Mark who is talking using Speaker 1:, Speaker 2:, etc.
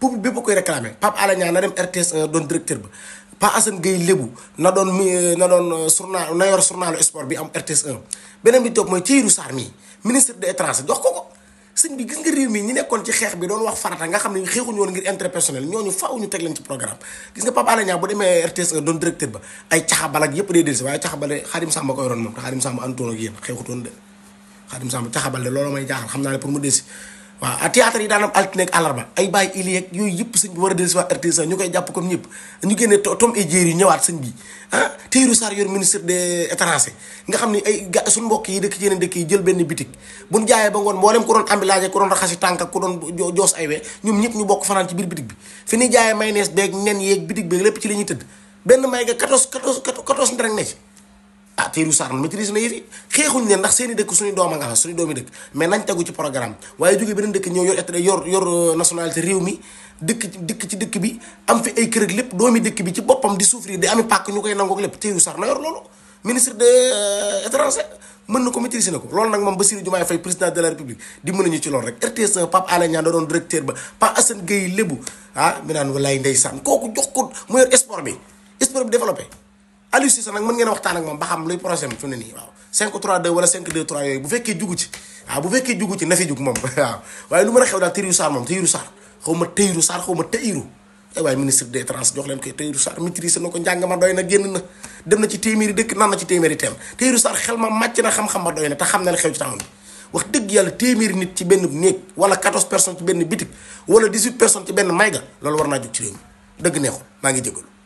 Speaker 1: peuple bépp a koy réclamé Pape Alé Niang na dem RTS 1 doon directeur ba Pa Assane Gueye lébu na doon mi euh, na doon euh, journal na yor journalu sport bi am RTS 1 beneen bi toog mooy Tahirou Sarr mii ministre des étrangers jox ko ko sëñ bi gis nga réew mi ñi nekkoon ci xeex bi doon wax farata nga xam ne xeexuñu woon ngir intérêt ñooñu faaw ñu teg leen ci programme gis nga Pape Alé bu demee RTS doon directeur ba ay caxabal ak yépp day dellusi waaye caxabal ak yéen naa ne waaw a ah, théâtre yi daanam altine ak àllarba ay bàyyi ili yeeg yooyu yëpp sëñ bi war a dellusiwaat RTS ñu koy jàpp comme ñëpp ñu génne Tom et Jerry yi ñëwaat sëñ bi ah Tahirou Sarr yor ministre des étrangers nga xam ne ay ga suñ mbokk yi dëkk ci yeneen dëkk yi jël benn bitik buñ jaayee ba ngoon mboolem ku doon ambilage ku doon raxasi tànk ku doon joos ay we ñoom ñëpp ñu bokk fanaan ci biir bitik bi fi ni jaayee mayonnaise beeg nen yeeg bitik beeg lépp ci la ñuy tëdd benn may nga 14 14 14 ndrek tiiru sar maîtrise na yëfi xexuñ ne ndax seeni dekk suñu dooma nga fa suñu doomi dekk mais nañ tagu ci programme waye jóge benen dekk ñoo yor état yor yor euh, nationalité réew mi dekk dekk ci dekk bi am fi ay kër ak lépp doomi dekk bi ci bopam di souffrir di ami pak ñu koy lepp lépp sar na yor lolu ministre de euh, étranger mën na ko maîtriser nako lolu nak mom moom Bassirou Diomaye président de la république di mënañu ci lolu rek RTS euh, pap ala ñaan da doon directeur ba pa Assane Gueye lebu ah mi naan walaay ndeysaan koku jox ko mu yor sport bi sport bi développer Aliou Cissé nag mën ngeen waxtaan ak moom ba xam luy projet bi fu ne nii waaw 5 3 2 wala 5 2 3 yooyu bu fekkee jugu ci waaw bu fekkee jugu ci na fi jug moom waaw waaye lu mën a xew daal Tahirou Sarr moom Tahirou Sarr xaw eh na ko njàng ma nan na ci téeméeri teen Tahirou Sarr xel ma màcc na xam-xam ma doy na te xam na ne xew ci taxaw wax dëgg yàlla téeméeri nit ci benn néeg wala 14 personnes ci benn bitik wala 18 personnes ci benn mayga loolu war naa jug ci réew mi dëgg neexul ngi jégalu